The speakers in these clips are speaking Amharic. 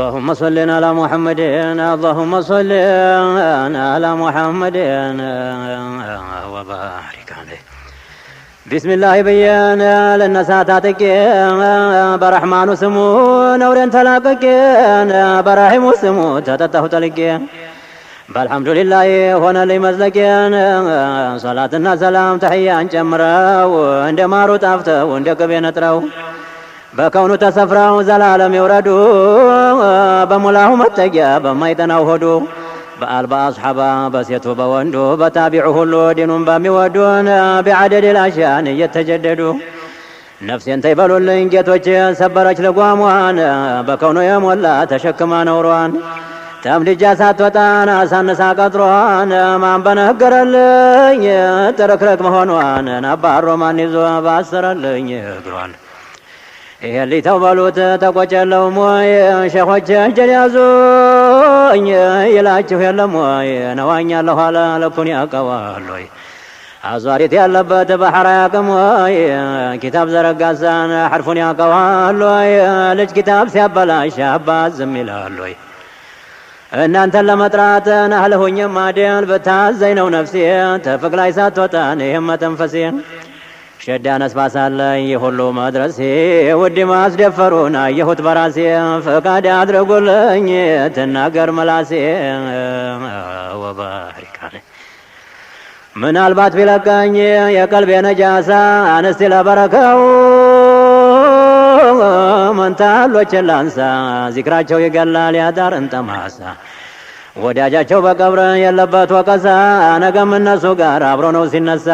اللهم صل على محمد اللهم صل على محمد وبارك عليه بسم الله بيان للنساتاتك برحمن سمو نور تلاقك برحم سمو تتته تلك بالحمد لله هنا لي مزلكين صلاتنا سلام تحيان جمرا ما رو تافته كبين تراو በከውኑ ተሰፍረው ዘላለም ይውረዱ በሙላሁ መጠጊያ በማይጠናው ሆዱ በአል በአስሓባ በሴቱ በወንዱ በታቢዑ ሁሉ ዲኑን በሚወዱን ቢዓደድ ላሽያን እየተጀደዱ ነፍሴን ተይበሉልኝ ጌቶች ሰበረች ልጓሟን በከውኑ የሞላ ተሸክማ ነውሯን ተምድጃ ሳትወጣን አሳንሳ ቀጥሯን ማን በነገረልኝ ጥርክርክ መሆኗን ናባሮ ማን ይዞ ባሰረልኝ እግሯን የሊተው በሉት ተቆጨለው ሞይ ሸኾች እጀል ያዙኝ ይላችሁ የለም ወይ? ነዋኛ ለኋላ ልቡን ያውቀዋል ወይ? አዟሪት ያለበት ባሕር አያውቅም ወይ? ኪታብ ዘረጋዛን ሐርፉን ያውቀዋል ወይ? ልጅ ኪታብ ሲያበላሽ አባት ዝም ይላል ወይ? እናንተን ለመጥራት ናህልሁኝም አዴን ብታዘኝ ነው ነፍሴ ተፍቅ ላይ ሳትወጣን ይህም መተንፈሴን ሸዳ ነስባሳለኝ የሁሉ መድረሴ ውድ ማስደፈሩን አየሁት በራሴ ፈቃድ አድርጎልኝ ትናገር መላሴ ወባሪካለ ምናልባት ቢለቀኝ የቀልቤ ነጃሳ አነስቲ ለበረከው መንታሎች ላንሳ ዚክራቸው ይገላል ያዳር እንጠማሳ ወዳጃቸው በቀብረ የለበት ወቀሳ ነገም እነሱ ጋር አብሮ ነው ሲነሳ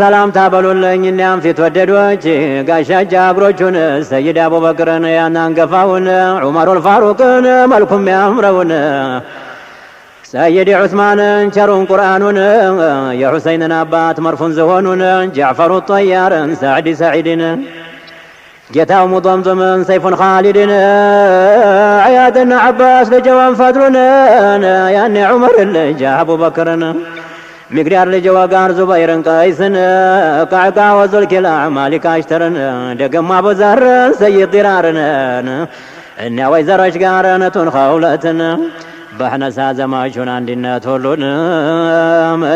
ሰላምታ በሉልኝ እኒያም ፊት ወደዶች ጋሻጃ አብሮቹን ሰይድ አቡበክርን ያናንገፋውን ዑመሩል ፋሩቅን መልኩም ያምረውን ሰይድ ዑስማንን ቸሩን ቁርአኑን የሑሰይንን አባት መርፉን ዝሆኑን ጃዕፈሩ ጠያርን ሳዕዲ ሰዒድን ጌታው ሙጠምጥምን ሰይፉን ኻሊድን አያትና ዓባስ ልጅ ወንፈድሩን ያኔ ዑመርን ልጅ አቡበክርን ሚቅዳር ልጅ ወጋር ዙበይርን ቀይስን ቃዕቃ ወዙልኪላ ማሊክ አሽተርን ደገማ በዛርን ሰይድ ዲራርንን እና ወይዘሮች ጋር ነቱን ኸውለትን በህነሳ ዘማቹን አንድነት ሁሉን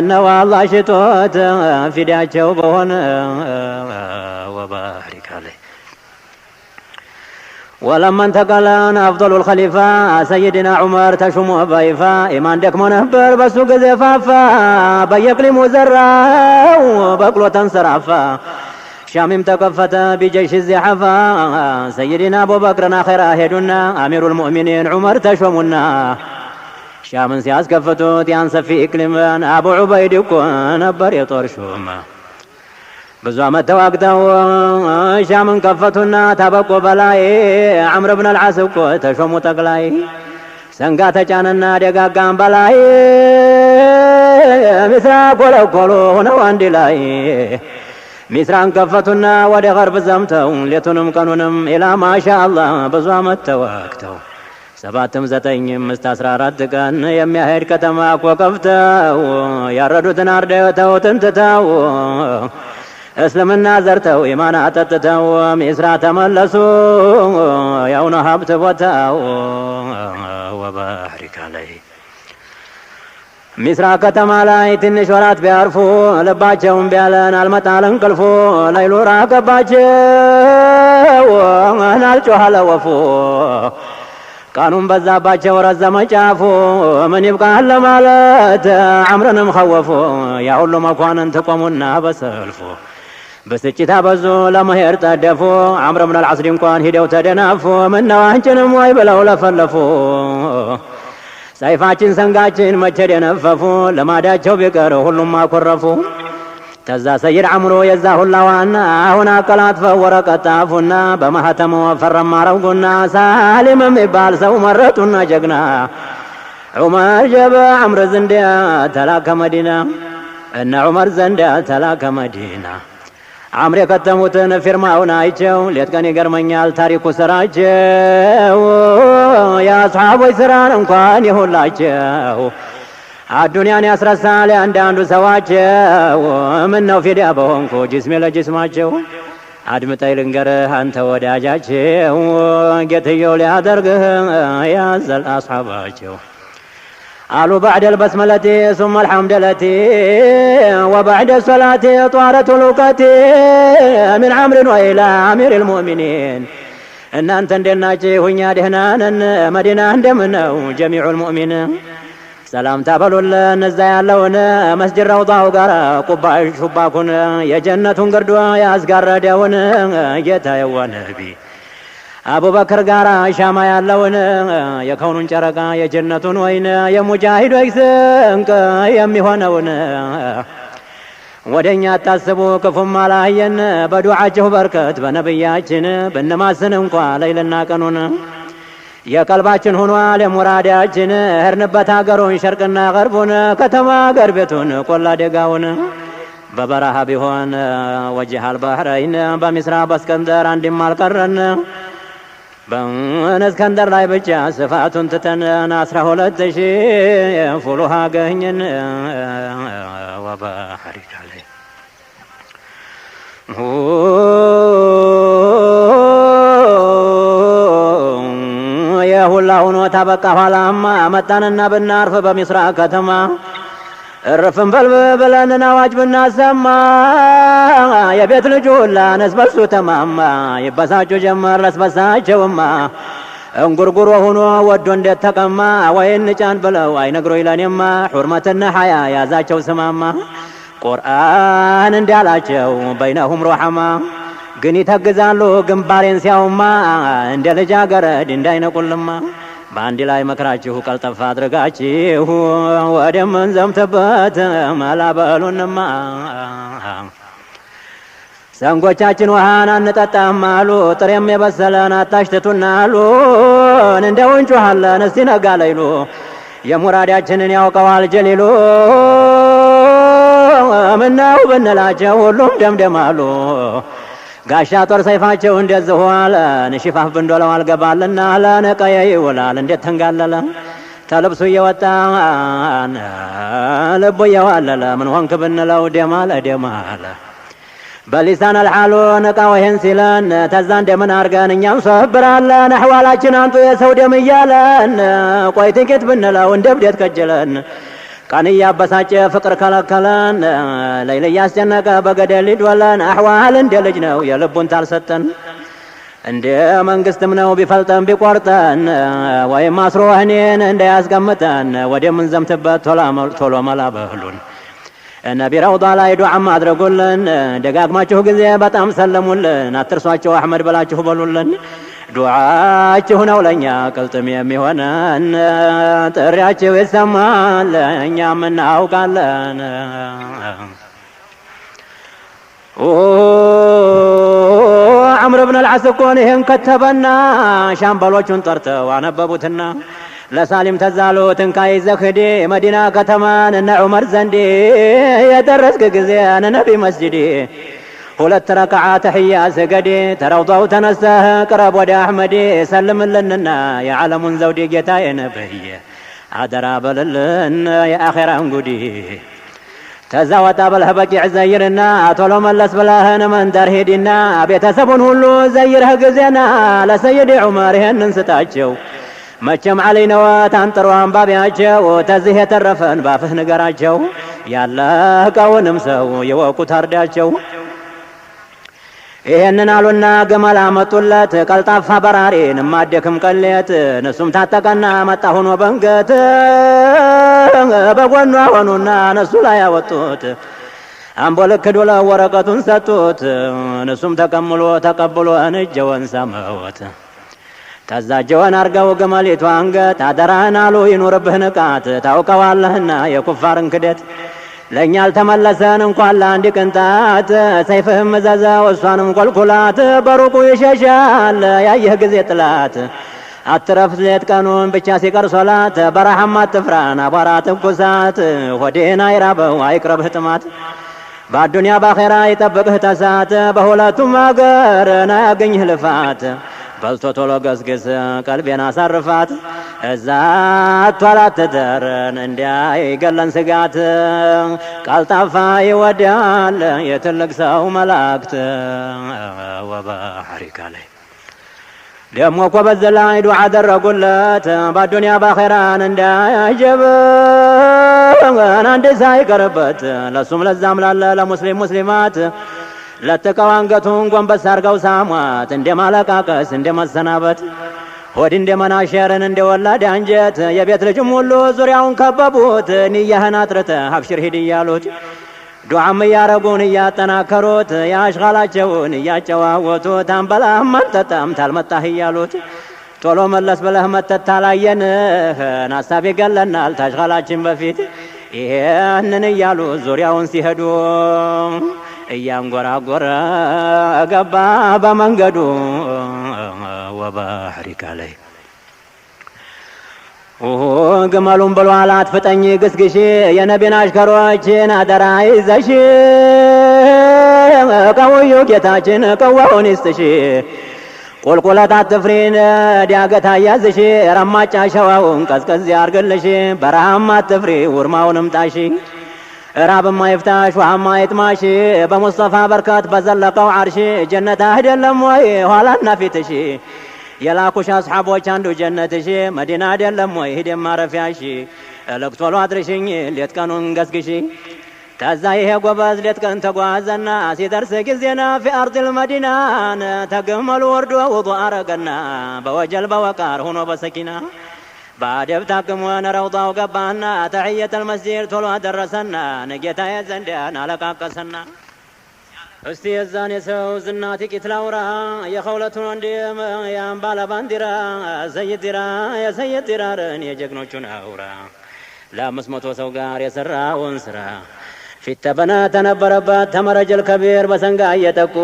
እነዋ አላህ ሽቶት ፊዳቸው በሆነ ወባሪክ አለይ ولما انتقل انا أفضل الخليفة سيدنا عمر تشم أبيفا إيمان دك منبر بسو قزفافا بيقلي مزرع وبقلو تنصرفا شامم تكفت بجيش الزحفا سيدنا أبو بكر آخر هدنا أمير المؤمنين عمر تشمنا شامن سياس كفتوت تيان سفي إكلمان أبو عبيد كون أبر يطرشوما ብዙ ዓመት ተዋግተው ሻምን ከፈቱና ታበቆ በላይ ዓምር ብን አልዓስ እኮ ተሾሙ ጠቅላይ ሰንጋ ተጫነና ደጋጋም በላይ ሚስራ ኮለኮሎ ሆነው አንድ ላይ ሚስራን ከፈቱና ወደ ገርብ ዘምተው ሌቱንም ቀኑንም ኢላ ማሻአላ ብዙ ዓመት ተዋግተው ሰባትም ዘጠኝም እስከ አስራ አራት ቀን የሚያሄድ ከተማ እኮ ያረዱትን አርደው ተውትን እስልምና ዘርተው ኢማን አጠጥተው ሚስራ ተመለሱ የውነ ሀብት ቦታው ወባሪክ አለይ ሚስራ ከተማ ላይ ትንሽ ወራት ቢያርፉ ልባቸውን ቢያለን አልመጣል እንቅልፉ ላይሉ ራቀባቸው አልጮኋለ ወፉ ቀኑም በዛባቸው ረዘመ ጫፉ ምን ይብቃል ለማለት አምርንም ኸወፉ ያ ሁሉ መኳንን ትቆሙና በሰልፉ በስጭታ አበዙ ለመሄድ ጠደፉ አምረ ምናል አልዓስሪ እንኳን ሂደው ተደናፉ ምነው አንቺንም ወይ ብለው ለፈለፉ ሰይፋችን ሰንጋችን መቼ ደነፈፉ ለማዳቸው ቢቀር ሁሉም አኮረፉ ከዛ ሰይድ አምሮ የዛ ሁላ ዋና አሁን አቀላጥፈው ወረቀት ጣፉና በማህተመ ፈረም አረጉና ሳሊም የሚባል ሰው መረጡና ጀግና ዑመር ጀበ አምር ዘንዲያ ተላከ መዲና እነ ዑመር ዘንዲያ ተላከ መዲና አምር የከተሙትን ፊርማውን አይቸው ሌት ቀን ይገርመኛል ታሪኩ ስራቸው። የአስሓቦች ስራን እንኳን ይሁላቸው አዱንያን ያስረሳል አንዳንዱ ሰዋቸው። ምን ነው ፊዲያ በሆንኩ ጅስሜ ለጅስማቸው። አድምጠይ ልንገርህ አንተ ወዳጃቸው ጌትየው ሊያደርግህ ያዘል አስሓባቸው قالوا بعد البسملة ثم الحمدلة وبعد الصلاة طارة لوقت من عمر وإلى أمير المؤمنين እናንተ እንደናችሁ እኛ ደህና ነን፣ መዲና እንደምነው ጀሚዑል ሙእሚን ሰላምታ በሉልን። እዛ ያለውን መስጅድ ረውጣው ጋር ቁባ ሹባኩን የጀነቱን ግርዶ ያስጋረደውን ጌታ የዋ ነቢ አቡበክር ጋር ሻማ ያለውን የከውኑን ጨረቃ የጀነቱን ወይን የሙጃሂዶች ስንቅ የሚሆነውን ወደኛ አታስቡ ክፉም አላየን በዱዓችሁ በርከት በነብያችን ብንማስን እንኳ ለይልና ቀኑን የቀልባችን ሆኗል የሙራዳችን እህርንበት አገሩን ሸርቅና ቀርቡን ከተማ አገር ቤቱን ቆላ ደጋውን በበረሃ ቢሆን ወጅሃል ባህረይን በሚስራ በስከንደር አንድም አልቀረን በእስከንደር ላይ ብቻ ስፋቱን ትተን አስራ ሁለት ሺ ፉሉሃ ገኝን ወበሐሪዳ ላይ የሁላ ሁኖታ በቃ ኋላማ መጣንና ብናርፍ በሚስራ ከተማ እርፍን በልብለን አዋጅ ብናሰማ የቤት ልጁ ሁላ ነስበሱ ተማማ ይበሳጩ ጀመር ለስበሳቸውማ እንጉርጉሮ ሆኖ ወዶ እንዴት ተቀማ ወይን ጫን ብለው አይነግሮ ይለኔማ ሑርመትና ሐያ ያዛቸው ስማማ ቁርአን እንዲያላቸው በይነሁም ሩሐማ ግን ይተግዛሉ ግንባሬን ሲያውማ እንደ ልጃገረድ እንዳይነቁልማ በአንድ ላይ መክራችሁ ቀልጠፋ አድርጋችሁ ወደምንዘምትበት ምንዘምትበት መላበሉንማ ሰንጎቻችን ውሃን አንጠጣም አሉ። ጥሬም የበሰለን አታሽትቱና አሉ። እንደ ውንጩሃለን እስቲ ነጋ ለይሉ የሙራዳችንን ያውቀዋል ጀሊሉ። ምናው ብንላቸው ሁሉም ደምደም አሉ። ጋሻ ጦር ሰይፋቸው እንደዚህ ሆነ ንሽፋፍ ብንዶለው አልገባልና ለነቀየ ይውላል እንዴት ተንጋለለ ተልብሱ እየወጣ ልቡ እየዋለለ ምን ሆንክ ብንለው ደማለ ደማለ በሊሳን አልሓሉ ነቃ ወሄን ሲለን ተዛ እንደምን አርገን እኛም ሰብራለን አሕዋላችን አንጡ የሰው ደም እያለን ቆይ ትንኬት ብንለው እንደ ብዴት ከጅለን ቀን እያበሳጨ ፍቅር ከለከለን፣ ሌሊት እያስጨነቀ በገደል ሊዶለን። አሕዋል እንደ ልጅ ነው የልቡን ታልሰጠን፣ እንደ መንግስትም ነው ቢፈልጠን ቢቆርጠን፣ ወይም አስሮ እኔን እንዳያስቀምጠን፣ ወደምንዘምትበት ቶሎ መላ በህሉን ነቢ ረውዳ ላይ ዱዓም አድርጉልን። ደጋግማችሁ ጊዜ በጣም ሰለሙልን፣ አትርሷቸው አሕመድ በላችሁ በሉልን። ዱዓችሁ ነው ለእኛ ቅልጥም የሚሆነን ጥሪያችሁ ይሰማል እኛም እናውቃለን። አምር ብን ልዓስ እኮን ይህን ከተበና ሻምበሎቹን ጠርተው አነበቡትና ለሳሊም ተዛሉ ትንካይ ዘክዲ መዲና ከተማን እነ ዑመር ዘንዲ የደረስክ ጊዜ ነቢ መስጅዲ ሁለት ረከዓ ተሕያ ስገድ ተረውጠው ተነሳህ ቅረብ ወደ አሕመድ ሰልምልንና የዓለሙን ዘውዴ ጌታ የነበየ አደራ በልልን የአኼራን ጉዲ ተዛወጣ በልህ በቂዕ ዘይርና ቶሎ መለስ ብላህን መንደር ሂድና ቤተሰቡን ሁሉ ዘይርህ ጊዜና ለሰይድ ዑመር ይህንን ስጣቸው። መቼም ዓለይ ነወት አንጥሮ አንባቢያቸው ተዚህ የተረፈን ባፍህ ንገራቸው። ያለቀውንም ሰው የወቁት አርዳቸው። ይሄንን አሉና ግመል አመጡለት ቀልጣፋ በራሪ ማደክም ቀሌት እነሱም ታጠቀና መጣ ሆኖ በንገት በጎኗ ሆኑና እነሱ ላይ አወጡት አምቦ ልክ ዱላ ወረቀቱን ሰጡት እነሱም ተቀምሎ ተቀብሎ እንጀወን ሰመወት ተዛጀወን አርገው ግመሊቱ አንገት አደራህን አሉ ይኑርብህ ንቃት ታውቀዋለህና የኩፋርን ክደት ለእኛ አልተመለሰን እንኳን ለአንድ ቅንጣት ሰይፍህም መዘዘው እሷንም ቆልኩላት በሩቁ ይሸሻል ያየህ ጊዜ ጥላት አትረፍ ሌት ቀኑን ብቻ ሲቀር ሶላት በረሃም አትፍራን አቧራ ትኩሳት ሆዴን አይራበው አይቅረብህ ጥማት በአዱንያ ባኼራ ይጠብቅህ ተሳት በሁለቱም አገር ናያገኝህ ልፋት በዝቶ ቶሎ ገስግስ ቀልቤን አሳርፋት እዛ ቷላትደርን እንዲያይገለን ስጋት ቀልጣፋ ይወዳል የትልቅ ሰው መላእክት ወባሐሪካ ላይ ደሞ እኮ በዚህ ላይ ዱዓ አደረጉለት በዱንያ ባኼራን እንዳያጀብ አንድ ሳይቀርበት ለሱም ለዛም ላለ ለሙስሊም ሙስሊማት ለጥቀው አንገቱን ጎንበስ አርገው ሳሟት፣ እንደ ማለቃቀስ እንደ መሰናበት ሆድ እንደ መናሸርን እንደ ወላድ አንጀት የቤት ልጅም ሁሉ ዙሪያውን ከበቡት። ንያህን አጥርተ ሀብሽር ሂድ እያሉት ዱዓም እያረጉን እያጠናከሩት የአሽቃላቸውን እያጨዋወቱት አንበላህም አንጠጣም ታልመጣህ እያሉት ቶሎ መለስ ብለህ መተት ታላየንህ ሀሳብ ይገለናል ታሽቃላችን በፊት ይህንን እያሉ ዙሪያውን ሲሄዱ እያንጎራጎረ ገባ በመንገዱ ወባሕሪከ ላይ ግመሉን ብሏል አትፍጠኝ ግስግሽ የነቢን አሽከሮችን አደራ ይዘሽ ቀውዩ ጌታችን ቀዋውን ይስጥሽ ቁልቁለት አትፍሪን ዲያገት አያዝሽ ረማጫ ሸዋውን ቀዝቀዝ ያርግልሽ በረሃም አትፍሪ ውርማውንም ጣሽ ራብማ ይፍታሽ ውሃማ ይጥማሽ በሙስጠፋ በርከት በዘለቀው አርሽ ጀነት አይደለም ወይ ኋላና ፊትሽ የላኩሽ አስሓቦች አንዱ ጀነትሽ መዲና አይደለም ወይ ሂድ ማረፊያሽ እልክቶሎ አድርሽኝ ሌት ቀኑን ገስግሽ ከዛ ይሄ ጎበዝ ሌት ቀን ተጓዘና ሲደርስ ጊዜና ፊ አርድል መዲናን ተግመሉ ወርዶ ውጡ አረገና በወጀል በወቃር ሆኖ በሰኪና በአደብ ታክሞን ረውጣው ገባና ተሕየተ ልመስጂድ ቶሎ አደረሰና ነጌታዬ ዘንድያን አለቃቀሰና እስቲ የዛን የሰው ዝና ጥቂት ላውራ የኸውለቱን ወንድም ያን ባለ ባንዲራ ሰይድ ዲራ የሰይድ ዲራርን የጀግኖቹን አውራ ለአምስት መቶ ሰው ጋር የሰራውን ስራ ፊት ተበና ተነበረበት ተመረጀል ከቢር በሰንጋ እየጠቁ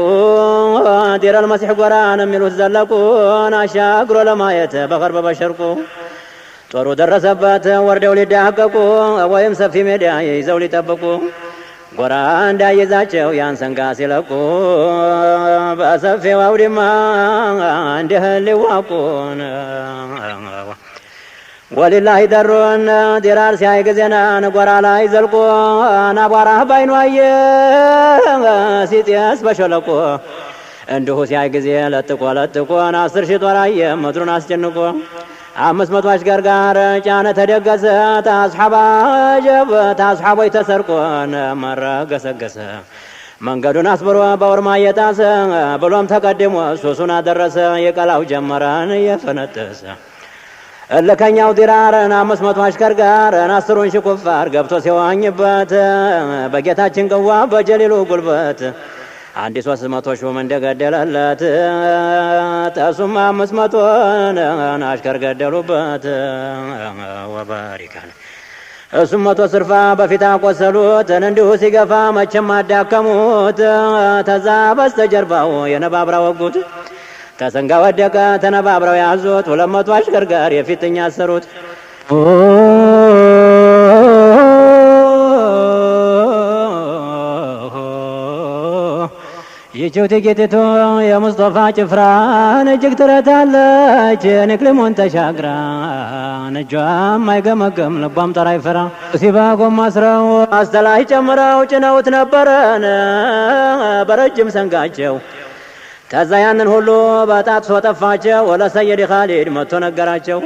ዲረል መሲሕ ጎራን የሚሉት ዘለቁን አሻግሮ ለማየት በቀርበ በሸርቁ ጦሩ ደረሰበት ወርደው ሊዳቀቁ ወይም ሰፊ ሜዳ ይዘው ሊጠብቁ ጎራ እንዳይዛቸው ያን ሰንጋ ሲለቁ በሰፊው አውድማ እንዲህ ሊዋቁን ወሊላሂ ይጠሩን ዲራር ሲያይ ጊዜናን ጎራ ላይ ዘልቆ ባይኑ አየ ሲጤስ በሸለቆ እንዲሁ ሲያይ ጊዜ ለጥቆ ለጥቆን አስር ሺ ጦር አየ ምድሩን አስጨንቆ አምስት መቶ አሽከር ጋር ጫነ ተደገሰ ታስሓባ ጀብ ታስሓቦይ ተሰርቆን መረገሰገሰ መንገዱን አስብሮ በውርማ እየጣሰ ብሎም ተቀድሞ ሱሱን አደረሰ የቀላው ጀመረን እየፈነጠሰ እልከኛው ዲራርን አምስት መቶ አሽከር ጋር አስሩን ሽኩፋር ገብቶ ሲዋኝበት በጌታችን ቅዋ በጀሊሉ ጉልበት አንድ ሶስት መቶ ሹም እንደገደለለት ጠሱም አምስት መቶን አሽከር ገደሉበት። ወበሪካል እሱም መቶ ስርፋ በፊት አቆሰሉት እንዲሁ ሲገፋ መቼም አዳከሙት። ተዛ በስተጀርባው የነባብራ ወጉት ተሰንጋ ወደቀ ተነባብረው ያዙት። ሁለት መቶ አሽከር የፊትኛ ይችው ጌቲቱ የሙስጦፋ ጭፍራ እጅግ ትረታለች ንቅሊሙን ተሻግራ እጇም አይገመገም ልቧም ጠራ ይፈራ ሲባ ጎማ ስረው አስተላይ ጨምረው ጭነውት ነበረን በረጅም ሰንጋቸው ከዛ ያንን ሁሉ በጣጥሶ ጠፋቸው። ወለሰየድ ኻሊድ መጥቶ ነገራቸው።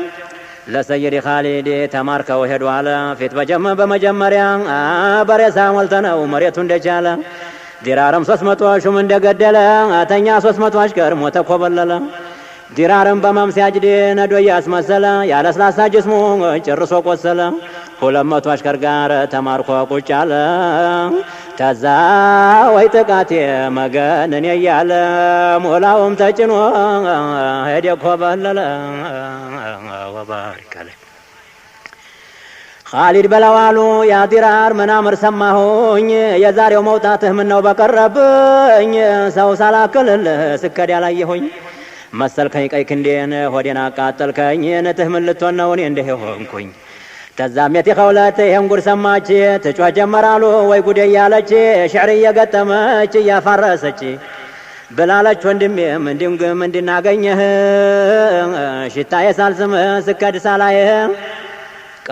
ለሰየድ ኻሊድ ተማርከው ሄዷል ፊት በመጀመሪያ በሬሳ ሞልተነው መሬቱ እንደቻለ ዲራርም ሶስት መቶ ሹም እንደገደለ አተኛ ሶስት መቶ አሽከር ሞተ ኮበለለ። ዲራረም በማም ነዶ እያስመሰለ ያለስላሳ ጅስሙ ጭርሶ ቆሰለ። ሁለት መቶ አሽከር ጋር ተማርኮ ቁጭ አለ። ተዛ ወይ ጥቃቴ መገንን እያለ ሞላውም ተጭኖ ሄደ ኮበለለ። ወባሪካለ ኻሊድ በላዋሉ የአዲራር መናምር ሰማሁኝ የዛሬው መውጣትህ ምነው በቀረብኝ ሰው ሳላክልልህ ስከድ ያላየሁኝ መሰልከኝ ቀይ ክንዴን ሆዴን አቃጠልከኝ ንትህ ምን ልትሆን ነው እኔ እንዲህ የሆንኩኝ ተዛሜት የኸውለት ይህን ጉድ ሰማች ትጮህ ጀመራሉ ወይ ጉዴ እያለች ሽዕር እየገጠመች እያፋረሰች ብላለች ወንድሜም እንዲንግም እንድናገኘህ ሽታዬ ሳልስምህ ስከድ ሳላይህ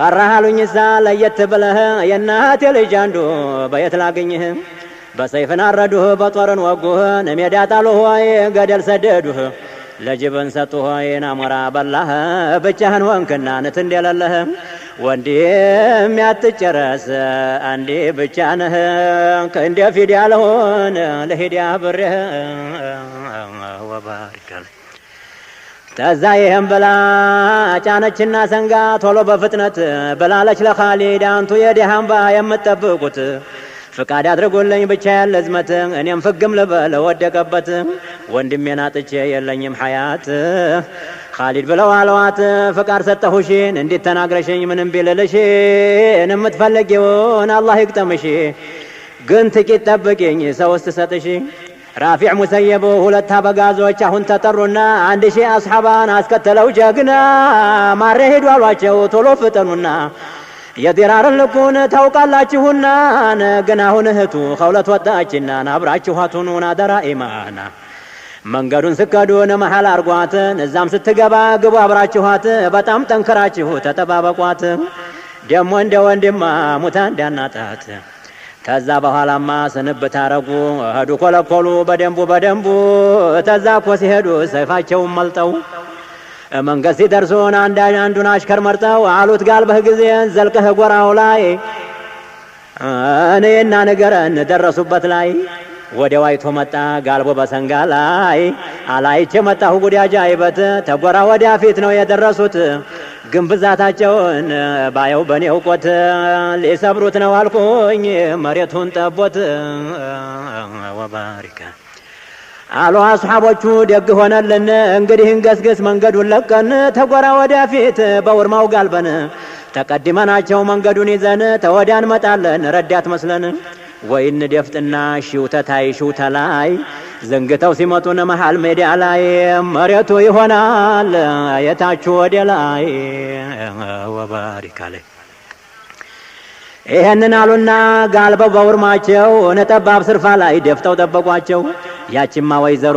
ቀረሃሉኝ እዛ ለየት ብለህ የእናቴ ልጅ አንዱ በየት ላገኝህ? በሰይፍን አረዱህ በጦርን ወጉህ ሜዳ ጣሉህ ሆይ ገደል ሰደዱህ ለጅብን ሰጡ ሆይ ናሞራ በላህ ብቻህን ወንክና ንት እንደሌለህ ወንዲም ያትጨረስ አንዲ ብቻ ነህ እንደ ፊዲያ ለሆን ለሂዲያ ብሬህ ወባሪከል ተዛ ይህም ብላ አጫነችና ሰንጋ ቶሎ በፍጥነት ብላለች ለኻሊድ አንቱ የድሃምባ የምትጠብቁት ፍቃድ አድርጉልኝ ብቻ ያለ ዝመት እኔም ፍግም ልበለ ወደቀበት ወንድሜን አጥቼ የለኝም ሐያት ኻሊድ ብለው አለዋት ፍቃድ ሰጠሁሽን እንዴት ተናግረሽኝ ምንም ቢልልሽን የምትፈልጊውን አላህ ይግጠምሽ ግን ጥቂት ጠብቂኝ ውስጥ ሰጥሽ ራፊዕ ሙሰየብ ሁለት አበጋዞች አሁን ተጠሩና አንድ ሺህ አስሓባን አስከተለው ጀግና ማሬ ሄዱ አሏቸው ቶሎ ፍጠኑና የዲራርን ልኩን ታውቃላችሁና ግን አሁን እህቱ ከሁለት ወጣችና አብራችኋቱኑ ናደራ ኢማና መንገዱን ስከዱን መሃል አርጓትን እዛም ስትገባ ግቡ አብራችኋት በጣም ጠንክራችሁ ተጠባበቋት ደሞ እንደ ወንድማ ሙታ እንዳናጣት ከዛ በኋላማ ስንብት አረጉ እህዱ ኮለኮሉ በደንቡ በደንቡ ተዛ እኮ ሲሄዱ ሰይፋቸውን መልጠው መንገሥት ሲደርሱን አንዱን አሽከር መርጠው አሉት ጋልበህ ጊዜን ዘልቀህ ጎራው ላይ እኔና ንገረን ደረሱበት ላይ ወደ ዋይቶ መጣ ጋልቦ በሰንጋ ላይ አላይቼ መጣሁ አይበት ተጎራ ወዲያ ፊት ነው የደረሱት ግን ብዛታቸውን ባየው በኔ ቆት ሊሰብሩት ነው አልኩኝ መሬቱን ጠቦት ወባሪከ አሉ አስሓቦቹ ደግ ሆነልን እንግዲህ እንገስገስ መንገዱን ለቀን ተጎራ ወዳፊት በውርማው ጋልበን ተቀድመናቸው መንገዱን ይዘን ተወዲያ እንመጣለን ረዳት መስለን ወይን ደፍጥና ሽውተታይ ሽውተላይ ዘንግተው ሲመጡን መሃል ሜዳ ላይ መሬቱ ይሆናል የታች ወደ ላይ ወባሪካላይ ይሄንን አሉና ጋልበው በውርማቸው ነጠባብ ስርፋ ላይ ደፍተው ጠበቋቸው። ያቺማ ወይዘሮ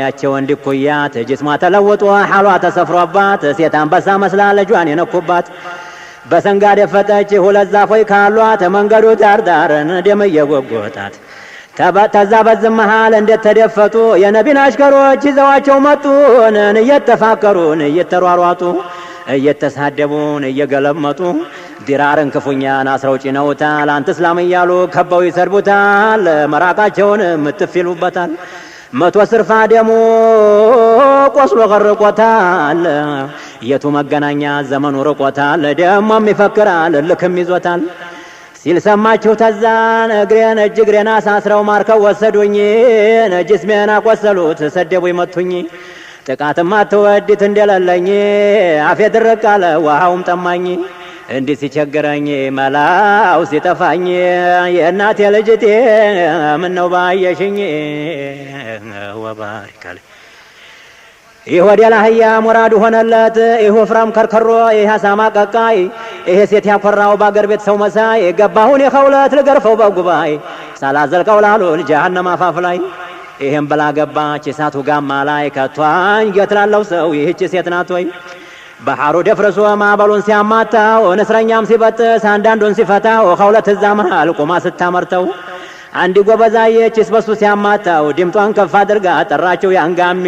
ያቸ ወንድ ኩያት ጅስሟ ተለውጦ ሐሏ ተሰፍሮባት ሴት አንበሳ መስላ ልጇን የነኩባት በሰንጋ ደፈጠች ሁለት ዛፎች ካሏት መንገዱ ዳርዳርን ደም እየጎጎጣት ተዛ በዝም መሃል እንደተደፈጡ የነቢን አሽከሮች ይዘዋቸው መጡን እየተፋከሩን እየተሯሯጡ እየተሳደቡን እየገለመጡ ዲራርን ክፉኛን አስረው ጭነውታል። አንተ እስላም እያሉ ከበው ይሰድቡታል። መራቃቸውን ምትፊሉበታል መቶ ስርፋ ደሞ ቆስሎ ቀርቆታል። የቱ መገናኛ ዘመኑ ርቆታል። ደሞም ይፈክራል ልክም ይዞታል። ሲል ሰማችሁ ተዛን እግሬን እጅ እግሬን አሳስረው ማርከው ወሰዱኝ። ስሜን አቆሰሉት ሰደቡኝ መቱኝ። ጥቃትም አትወዲት እንደለለኝ አፌ ድርቅ አለ ውሃውም ጠማኝ። እንዲህ ሲቸግረኝ መላው ሲጠፋኝ የእናቴ ልጅቴ ምነው ባየሽኝ ወባሪካል ይህ ወዴላ አህያ ሙራዱ ሆነለት። ይህ ወፍራም ከርከሮ፣ ይህ አሳማ ቀቃይ፣ ይህ ሴት ያኮራው በአገር ቤት ሰው መሳይ ገባሁን የኸውለት ልገርፈው በጉባይ ሳላዘልቀው ላሉ ልጃሃነም አፋፍ ላይ ይህም ብላ ገባች እሳቱ ጋማ ላይ ከቷኝ ጌት ሰው ይህች ሴት ናት ወይ ባህሩ ደፍርሶ ማዕበሉን ሲያማታው፣ እስረኛም ሲበጥስ አንዳንዱን ሲፈታው ከሁለት እዛ መሃል ቁማ ስታመርተው አንድ ጎበዛየች ስበሱ ሲያማታው ድምጧን ከፍ አድርጋ ጠራችው ያንጋሜ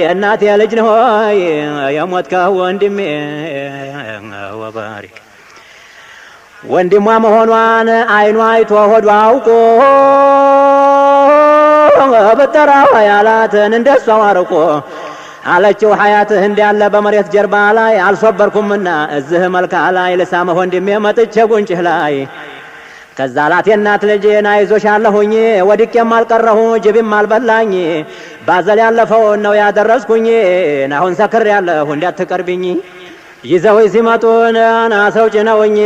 የእናቴ ልጅ ሆይ የሞትከው ወንድሜ ወባሪክ ወንድሟ መሆኗን አይኗ አይቶ ሆዷ አውቆ በጠራው ያላትን እንደሷ አርቆ አለችው ሀያትህ እንዳለ በመሬት ጀርባ ላይ አልሶበርኩምና እዝህ መልካ ላይ ልሳመ ወንድሜ መጥቼ ጉንጭህ ላይ ከዛ ላቴ እናት ልጅን አይዞሽ አለሁኝ ወድቄም አልቀረሁ ጅብም አልበላኝ ባዘል ያለፈውን ነው ያደረስኩኝ አሁን ሰክር ያለሁ እንዳትቀርብኝ ይዘው ሲመጡን አናሰው ጭነውኝ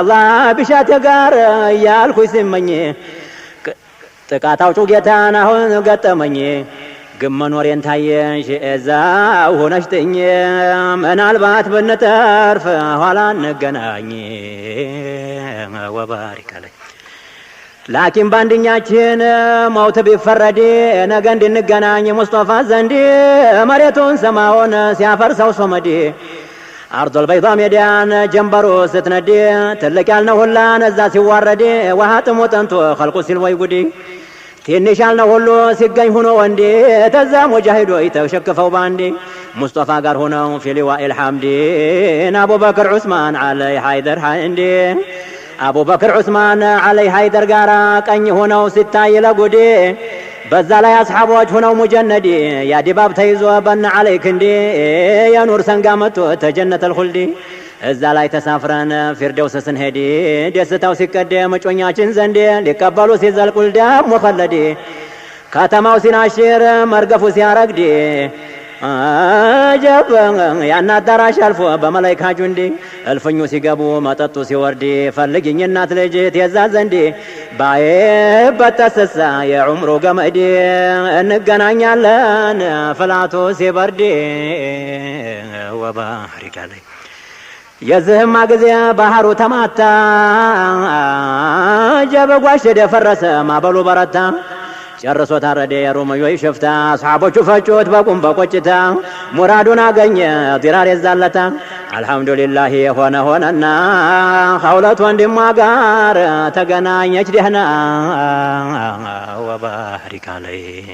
አላ ብሻቴ ጋር እያልኩ ሲመኝ ጥቃት አውጩ ጌታን አሁን ገጠመኝ ግን መኖሬን ታየሽ እዛው ሆነሽ ጥኝ ምናልባት ብንተርፍ ኋላ እንገናኝ ወባሪካለኝ ላኪን ባንድኛችን መውት ቢፈረድ ነገ እንድንገናኝ ሙስጦፋ ዘንድ መሬቱን ሰማውን ሲያፈርሰው ሶመድ አርዶል በይቷ ሜዳያን ጀንበሩ ስትነድ ትልቅ ያልነው ሁላን እዛ ሲዋረድ ውሃ ጥሙ ጠንቶ ኸልቁ ሲል ወይ ቴንሻልነ ሁሉ ሲገኝ ሁኖ ወንዴ ተዛም ወጃሂዶ ይተሸክፈው ባንዴ ሙስጠፋ ጋር ሆነው ፊሊዋኤል ሐምዴን አቡበክር ዑስማን ዓለይ ሃይደር ሃንዴ አቡበክር ዑስማን ዓለይ ሃይደር ጋራ ቀኝ ሆነው ሲታይ ለጉዴ በዛ ላይ አስሓቦች ሁነው ሙጀነዲ ያዲባብ ተይዞ በነ ዓለይ ክንዴ የኑር ሰንጋ መቶ ተጀነተል ኹልዲ እዛ ላይ ተሳፍረን ፊርደውስ ስንሄድ ደስታው ሲቀደም እጮኛችን ዘንድ ሊቀበሉ ሲዘልቁል ደሞ ኸለድ ከተማው ሲናሽር መርገፉ ሲያረግድ አጀብ ያን አዳራሽ አልፎ በመላይካ ጁንዲ እልፍኙ ሲገቡ መጠጡ ሲወርድ ፈልግኝ እናት ልጅ ትየዛ ዘንድ ባዬ በተሰሳ የዑምሩ ገመድ እንገናኛለን ፍላቱ ሲበርድ ወባህሪካ ላይ የዝህማ ጊዜ ባህሩ ተማታ፣ ጀበጓሽ ደፈረሰ፣ ማበሉ በረታ። ጨርሶ ታረደ የሮማዮች ሽፍታ፣ አስሓቦቹ ፈጩት በቁም በቆጭታ፣ ሙራዱን አገኘ ዚራር የዛለታ። አልሐምዱሊላህ የሆነ ሆነና፣ ኸውለት ወንድሟ ጋር ተገናኘች ደህና ወባሪካለይ